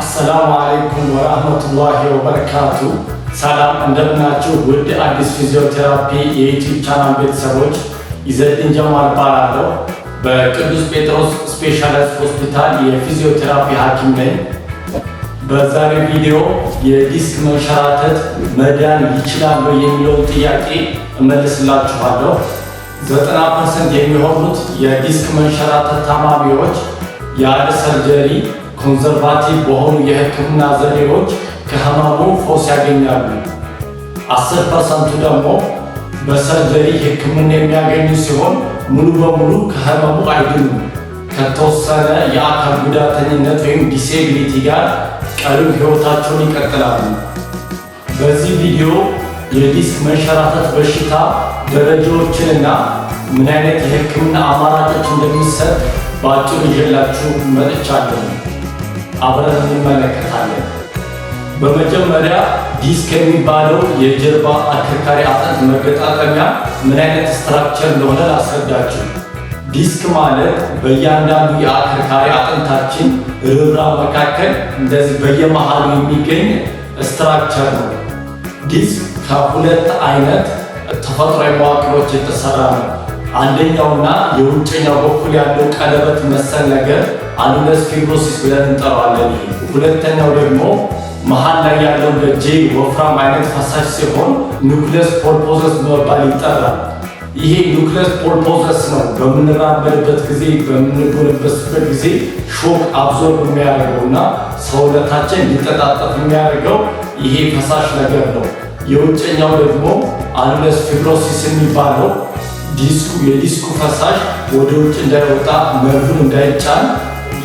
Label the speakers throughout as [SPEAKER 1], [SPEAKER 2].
[SPEAKER 1] አሰላሙ አለይኩም ወራህመቱላሂ ወበረካቱ። ሰላም እንደምናችሁ ውድ አዲስ ፊዚዮቴራፒ የዩቲዩብ ቻናል ቤተሰቦች፣ ኢዘዲን ጀማል እባላለሁ። በቅዱስ ጴጥሮስ ስፔሻላይዝ ሆስፒታል የፊዚዮቴራፒ ሐኪም ነኝ። በዛሬ ቪዲዮ የዲስክ መንሸራተት መዳን ይችላል የሚለውን ጥያቄ እመልስላችኋለሁ። 90 ፐርሰንት የሚሆኑት የዲስክ መንሸራተት ታማሚዎች ያለ ሰርጀሪ ኮንዘርቫቲቭ በሆኑ የህክምና ዘዴዎች ከህመሙ ፎስ ያገኛሉ። 10 ፐርሰንቱ ደግሞ በሰርጀሪ ህክምና የሚያገኙ ሲሆን ሙሉ በሙሉ ከህመሙ አይድኑም። ከተወሰነ የአካል ጉዳተኝነት ወይም ዲሴቢሊቲ ጋር ቀሪው ህይወታቸውን ይቀጥላሉ። በዚህ ቪዲዮ የዲስክ መንሸራተት በሽታ ደረጃዎችንና ምን አይነት የህክምና አማራጮች እንደሚሰጥ በአጭሩ ይዤላችሁ መጥቻለሁ። አብረን እንመለከታለን። በመጀመሪያ ዲስክ የሚባለው የጀርባ አከርካሪ አጥንት መገጣጠሚያ ምን አይነት ስትራክቸር እንደሆነ ላስረዳችሁ። ዲስክ ማለት በእያንዳንዱ የአከርካሪ አጥንታችን ርብራ መካከል እንደዚህ በየመሃሉ የሚገኝ ስትራክቸር ነው። ዲስክ ከሁለት አይነት ተፈጥሯዊ መዋቅሮች የተሰራ ነው። አንደኛውና የውጭኛው በኩል ያለው ቀለበት መሰል ነገር አሉለስ ፊብሮሲስ ብለን እንጠራዋለን። ሁለተኛው ደግሞ መሀል ላይ ያለው ለጄ ወፍራም አይነት ፈሳሽ ሲሆን ኑክለስ ፖልፖዘስ በመባል ይጠራል። ይሄ ኑክለስ ፖልፖሰስ ነው በምንራመድበት ጊዜ በምንጎነበስበት ጊዜ ሾክ አብዞርብ የሚያደርገው እና ሰውነታችን ሊጠጣጠፍ የሚያደርገው ይሄ ፈሳሽ ነገር ነው። የውጨኛው ደግሞ አሉለስ ፊብሮሲስ የሚባለው ዲስኩ የዲስኩ ፈሳሽ ወደ ውጭ እንዳይወጣ መርፉን እንዳይጫን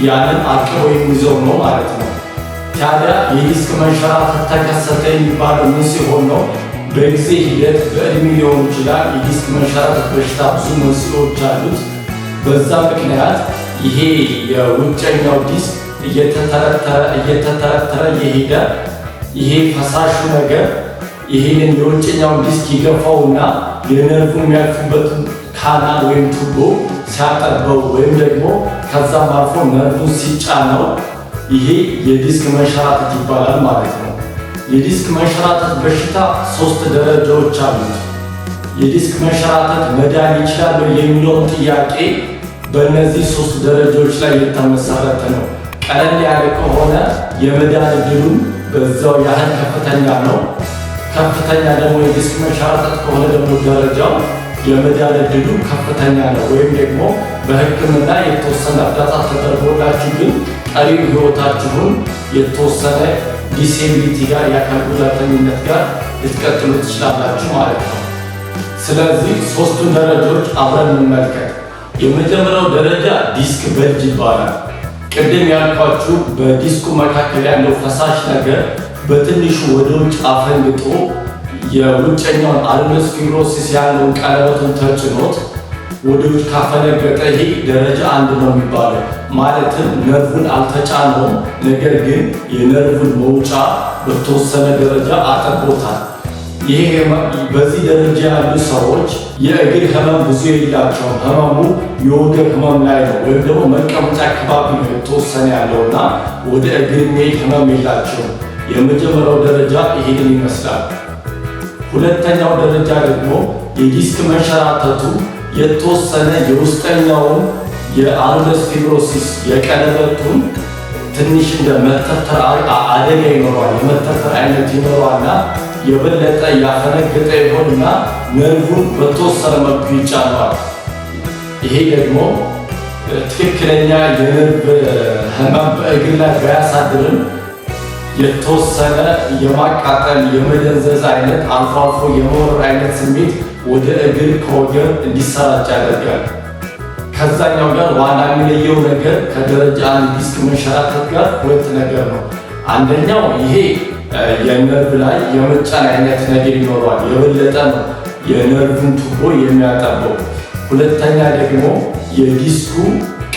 [SPEAKER 1] ያንን ወይም ይዘው ነው ማለት ነው። ታዲያ የዲስክ መንሸራተት ተከሰተ የሚባለው ምን ሲሆን ነው? በጊዜ ሂደት በእድሜ ሊሆን ይችላል። የዲስክ መንሸራተት በሽታ ብዙ መንስኤዎች አሉት። በዛ ምክንያት ይሄ የውጨኛው ዲስክ እየተተረተረ እየተተረተረ የሄደ ይሄ ፈሳሹ ነገር ይሄንን የውጨኛውን ዲስክ ይገፋውና የነርቭ የሚያልፉበትን ካናል ወይም ቱቦ ሲያጠበው ወይም ደግሞ ከዛም አልፎ ነርዱ ሲጫነው ይሄ የዲስክ መንሸራተት ይባላል ማለት ነው። የዲስክ መንሸራተት በሽታ ሶስት ደረጃዎች አሉት። የዲስክ መንሸራተት መዳን ይችላል የሚለውን ጥያቄ በእነዚህ ሶስት ደረጃዎች ላይ የተመሰረተ ነው። ቀለል ያለ ከሆነ የመዳን እድሉ በዛው ያህል ከፍተኛ ነው። ከፍተኛ ደግሞ የዲስክ መንሸራተት ከሆነ ደግሞ ደረጃው የመዳን ከፍተኛ ነው። ወይም ደግሞ በሕክምና የተወሰነ እርዳታ ተደርጎላችሁ ግን ቀሪው ህይወታችሁን የተወሰነ ዲሴቢሊቲ ጋር የአካል ጉዳተኝነት ጋር ልትቀጥሉ ትችላላችሁ ማለት ነው። ስለዚህ ሶስቱን ደረጃዎች አብረን እንመልከት። የመጀመሪያው ደረጃ ዲስክ በልጅ ይባላል። ቅድም ያልኳችሁ በዲስኩ መካከል ያለው ፈሳሽ ነገር በትንሹ ወደ ውጭ አፈንግጦ የውጨኛውን አልቤስ ፊብሮሲስ ያለውን ቀለበቱን ተጭኖት ወደ ውጭ ካፈነገጠ ይህ ደረጃ አንድ ነው የሚባለው። ማለትም ነርቭን አልተጫነውም፣ ነገር ግን የነርቭን መውጫ በተወሰነ ደረጃ አጠቦታል። ይሄ በዚህ ደረጃ ያሉ ሰዎች የእግር ህመም ብዙ የላቸውም ህመሙ የወገብ ህመም ላይ ነው ወይም ደግሞ መቀመጫ አካባቢ ነው የተወሰነ ያለውና ወደ እግር ህመም የላቸውም። የመጀመሪያው ደረጃ ይሄንን ይመስላል። ሁለተኛው ደረጃ ደግሞ የዲስክ መሸራተቱ የተወሰነ የውስጠኛውን የአርደስ ፊብሮሲስ የቀለበቱን ትንሽ እንደ መተርተር አደጋ ይኖረዋል። የመተርተር አይነት ይኖረዋልና የበለጠ ያፈነገጠ ይሆንና ነርቡን በተወሰነ መልኩ ይጫነዋል። ይሄ ደግሞ ትክክለኛ የነርቭ ህመም በእግር ላይ ባያሳድርም የተወሰነ የማቃጠል የመደንዘዝ አይነት አልፎ አልፎ የመወር አይነት ስሜት ወደ እግር ከወገብ እንዲሰራጭ ያደርጋል። ከዛኛው ጋር ዋና የሚለየው ነገር ከደረጃ አንድ ዲስክ መንሸራተት ጋር ሁለት ነገር ነው። አንደኛው ይሄ የነርቭ ላይ የመጫን አይነት ነገር ይኖረዋል። የበለጠ ነው የነርቭን ቱቦ የሚያጠበው። ሁለተኛ ደግሞ የዲስኩ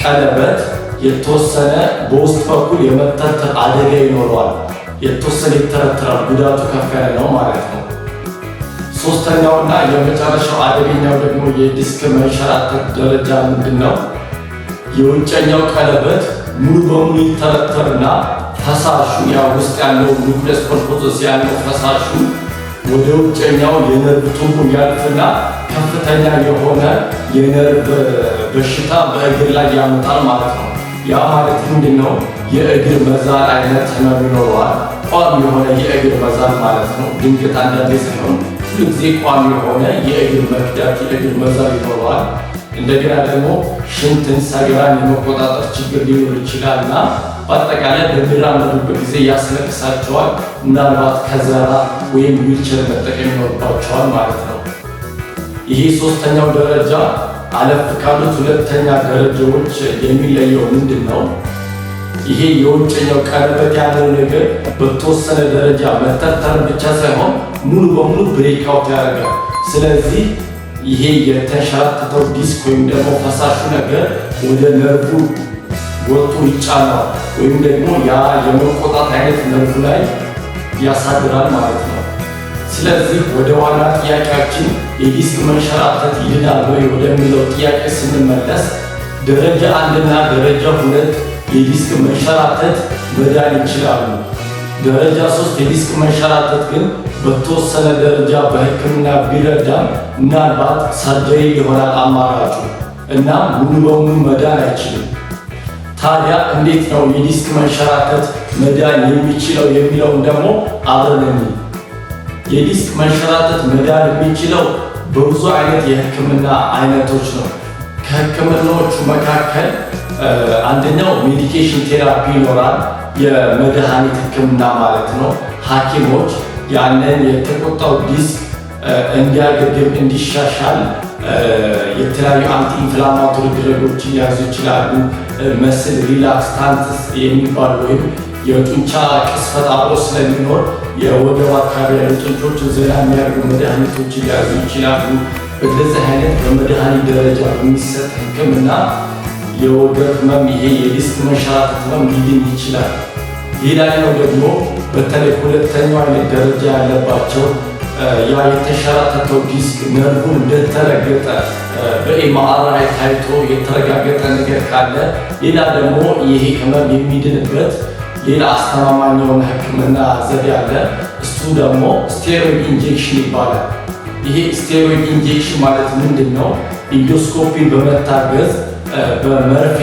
[SPEAKER 1] ቀለበት የተወሰነ በውስጥ በኩል የመጠጥ አደጋ ይኖረዋል። የተወሰነ ይተረተራል። ጉዳቱ ከፍ ያለ ነው ማለት ነው። ሶስተኛውና የመጨረሻው አደገኛው ደግሞ የዲስክ መንሸራተት ደረጃ ምንድን ነው? የውጨኛው ቀለበት ሙሉ በሙሉ ይተረተርና ፈሳሹ ያ ውስጥ ያለው ኒውክሌስ ፐርፖዘስ ያለው ፈሳሹ ወደ ውጨኛው የነርቭ ቱቡ ያልፍና ከፍተኛ የሆነ የነርቭ በሽታ በእግር ላይ ያመጣል ማለት ነው። ያ ማለት ምንድን ነው? የእግር መዛል አይነት ህመም ይኖረዋል። ቋሚ የሆነ የእግር መዛል ማለት ነው። ድንገት አንዳንዴ ሳይሆን ሁሉ ጊዜ ቋሚ የሆነ የእግር መክዳት፣ የእግር መዛል ይኖረዋል። እንደገና ደግሞ ሽንትን፣ ሰገራን የመቆጣጠር ችግር ሊኖር ይችላል እና በአጠቃላይ በሚራመዱበት ጊዜ ያስለቅሳቸዋል። ምናልባት ከዘራ ወይም ዊልቸር መጠቀም ይኖርባቸዋል ማለት ነው። ይሄ ሶስተኛው ደረጃ አለፍ ካሉት ሁለተኛ ደረጃዎች የሚለየው ምንድን ነው? ይሄ የውጭኛው ቀረበት ያለው ነገር በተወሰነ ደረጃ መተርተር ብቻ ሳይሆን ሙሉ በሙሉ ብሬካውት ያደርጋል። ስለዚህ ይሄ የተንሸራተተው ዲስክ ወይም ደግሞ ፈሳሹ ነገር ወደ ነርቡ ወጡ ይጫናል፣ ወይም ደግሞ ያ የመቆጣት አይነት ነርቡ ላይ ያሳድራል ማለት ነው። ስለዚህ ወደ ዋና ጥያቄያችን የዲስክ መንሸራተት ይድናል ወይ ወደሚለው ጥያቄ ስንመለስ ደረጃ አንድና ደረጃ ሁለት የዲስክ መንሸራተት መዳን ይችላሉ። ደረጃ ሶስት የዲስክ መንሸራተት ግን በተወሰነ ደረጃ በሕክምና ቢረዳም ምናልባት ሰርጀሪ ይሆናል አማራጩ እና ሙሉ በሙሉ መዳን አይችልም። ታዲያ እንዴት ነው የዲስክ መንሸራተት መዳን የሚችለው የሚለውን ደግሞ አብረን የዲስክ መንሸራተት መዳን የሚችለው በብዙ አይነት የህክምና አይነቶች ነው። ከህክምናዎቹ መካከል አንደኛው ሜዲኬሽን ቴራፒ ይኖራል። የመድኃኒት ህክምና ማለት ነው። ሐኪሞች ያንን የተቆጣው ዲስክ እንዲያገግም እንዲሻሻል የተለያዩ አንቲ ኢንፍላማቶሪ ድረጎችን ሊያዙ ይችላሉ። መስል ሪላክስታንትስ የሚባሉ ወይም የጡንቻ ቅስፈት አብሮ ስለሚኖር የወገብ አካባቢ ያሉ ጡንቾችን ዘና የሚያደርጉ መድኃኒቶችን ሊያዙ ይችላሉ። በእንደዚህ አይነት በመድኃኒት ደረጃ የሚሰጥ ሕክምና የወደ ህመም ይሄ የዲስክ መንሸራተት ህመም ሊድን ይችላል። ሌላኛው ደግሞ በተለይ ሁለተኛው አይነት ደረጃ ያለባቸው ያ የተሸራተተው ዲስክ ነርቡ እንደተረገጠ በኤምአርአይ ታይቶ የተረጋገጠ ነገር ካለ፣ ሌላ ደግሞ ይሄ ህመም የሚድንበት ሌላ አስተማማኝ የሆነ ህክምና ዘዴ አለ። እሱ ደግሞ ስቴሮይድ ኢንጀክሽን ይባላል። ይሄ ስቴሮይድ ኢንጀክሽን ማለት ምንድን ነው? ኢንዶስኮፒን በመታገዝ በመርፌ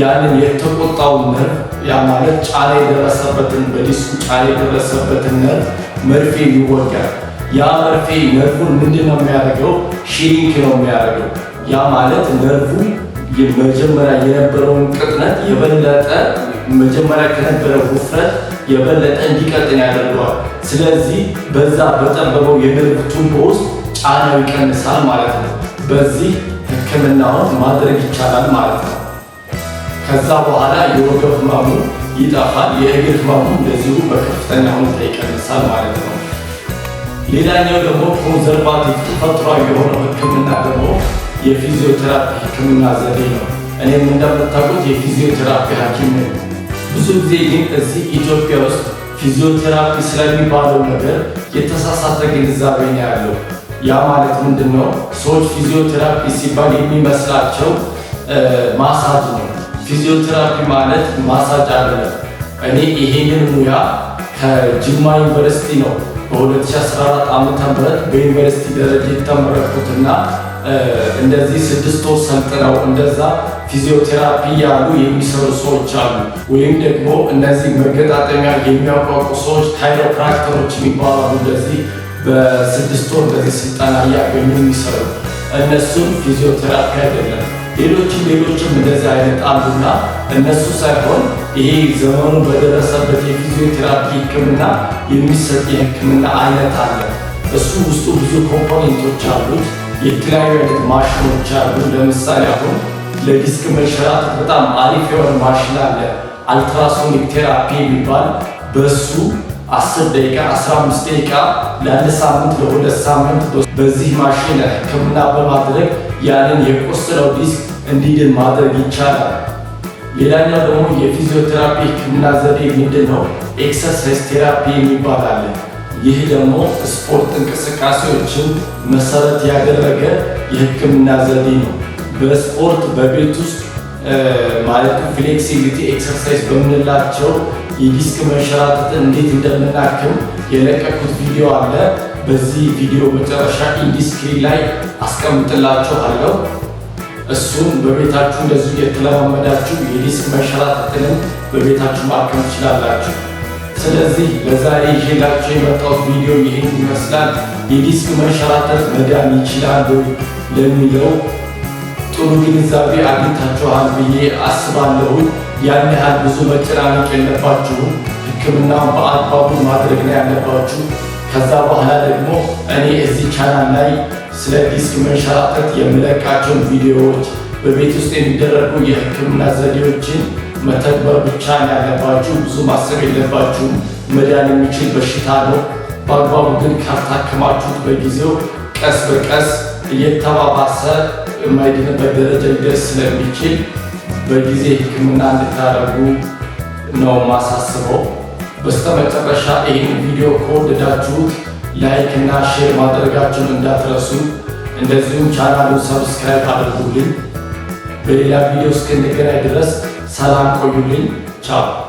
[SPEAKER 1] ያንን የተቆጣውን ነርቭ ያ ማለት ጫና የደረሰበትን በዲስኩ ጫና የደረሰበትን ነርቭ መርፌ ይወጋል። ያ መርፌ ነርፉን ምንድን ነው የሚያደርገው? ሽሪንክ ነው የሚያደርገው። ያ ማለት ነርፉ መጀመሪያ የነበረውን ቅጥነት የበለጠ መጀመሪያ ከነበረ ውፍረት የበለጠ እንዲቀጥን ያደርገዋል። ስለዚህ በዛ በጠበበው የነርቭ ቱቦ ውስጥ ጫናው ይቀንሳል ማለት ነው። በዚህ ህክምናውን ማድረግ ይቻላል ማለት ነው። ከዛ በኋላ የወገብ ህማሙ ይጠፋል፣ የእግር ህማሙ እንደዚሁ በከፍተኛ ሁኔታ ይቀንሳል ማለት ነው። ሌላኛው ደግሞ ኮንዘርቫቲቭ ተፈጥሯዊ የሆነው ህክምና ደግሞ የፊዚዮቴራፒ ህክምና ዘዴ ነው። እኔም እንደምታውቁት የፊዚዮቴራፒ ሐኪም ነኝ። ብዙ ጊዜ ግን እዚህ ኢትዮጵያ ውስጥ ፊዚዮቴራፒ ስለሚባለው ነገር የተሳሳተ ግንዛቤ ነው ያለው። ያ ማለት ምንድን ነው? ሰዎች ፊዚዮቴራፒ ሲባል የሚመስላቸው ማሳጅ ነው። ፊዚዮቴራፒ ማለት ማሳጅ አይደለም። እኔ ይሄንን ሙያ ከጅማ ዩኒቨርሲቲ ነው በ2014 ዓ.ም በዩኒቨርሲቲ ደረጃ የተመረኩትና እንደዚህ ስድስት ወር ሰልጥነው እንደዛ ፊዚዮቴራፒ ያሉ የሚሰሩ ሰዎች አሉ። ወይም ደግሞ እነዚህ መገጣጠሚያ የሚያውቋቁ ሰዎች ካይሮፕራክተሮች የሚባሉ እንደዚህ በስድስት ወር በዚህ ስልጠና እያገኙ የሚሰሩ እነሱም ፊዚዮቴራፒ አይደለም። ሌሎችም ሌሎችም እንደዚህ አይነት አሉና እነሱ ሳይሆን ይሄ ዘመኑ በደረሰበት የፊዚዮቴራፒ ሕክምና የሚሰጥ የሕክምና አይነት አለ። እሱ ውስጡ ብዙ ኮምፖኔንቶች አሉት። የተለያዩ አይነት ማሽኖች አሉ። ለምሳሌ አሁን ለዲስክ መንሸራተት በጣም አሪፍ የሆነ ማሽን አለ፣ አልትራሶኒክ ቴራፒ የሚባል በሱ አስር ደቂቃ አስራ አምስት ደቂቃ ለአንድ ሳምንት ለሁለት ሳምንት በዚህ ማሽን ሕክምና በማድረግ ያንን የቆሰለው ዲስክ እንዲድን ማድረግ ይቻላል። ሌላኛው ደግሞ የፊዚዮቴራፒ ሕክምና ዘዴ ምንድን ነው? ኤክሰርሳይዝ ቴራፒ የሚባላለን። ይህ ደግሞ ስፖርት እንቅስቃሴዎችን መሰረት ያደረገ የሕክምና ዘዴ ነው። በስፖርት በቤት ውስጥ ማለትም ፍሌክሲቢሊቲ ኤክሰርሳይዝ በምንላቸው የዲስክ መንሸራተት እንዴት እንደምናክም የለቀኩት ቪዲዮ አለ። በዚህ ቪዲዮ መጨረሻ ኢንዲስክሪን ላይ አስቀምጥላችኋለሁ። እሱም በቤታችሁ እንደዚሁ የተለማመዳችሁ የዲስክ መንሸራተትንም በቤታችሁ ማከም ትችላላችሁ። ስለዚህ ለዛሬ ይዤላችሁ የመጣሁት ቪዲዮ ይህን ይመስላል። የዲስክ መንሸራተት መዳን ይችላሉ ለሚለው ጥሩ ግንዛቤ አግኝታችኋል ብዬ አስባለሁ። ያን ያህል ብዙ መጨናነቅ የለባችሁ። ህክምና በአግባቡ ማድረግ ላይ ያለባችሁ። ከዛ በኋላ ደግሞ እኔ እዚህ ቻናል ላይ ስለ ዲስክ መንሸራተት የምለቃቸውን ቪዲዮዎች፣ በቤት ውስጥ የሚደረጉ የህክምና ዘዴዎችን መተግበር ብቻ ያለባችሁ። ብዙ ማሰብ የለባችሁም። መዳን የሚችል በሽታ ነው። በአግባቡ ግን ካልታከማችሁት በጊዜው ቀስ በቀስ እየተባባሰ የማይድንበት ደረጃ ሊደርስ ስለሚችል በጊዜ ሕክምና እንድታደርጉ ነው ማሳስበው። በስተመጨረሻ ይህን ቪዲዮ ከወደዳችሁት ላይክ እና ሼር ማድረጋችሁን እንዳትረሱ። እንደዚሁም ቻናሉን ሰብስክራይብ አድርጉልኝ። በሌላ ቪዲዮ እስክንገናኝ ድረስ ሰላም ቆዩልኝ። ቻው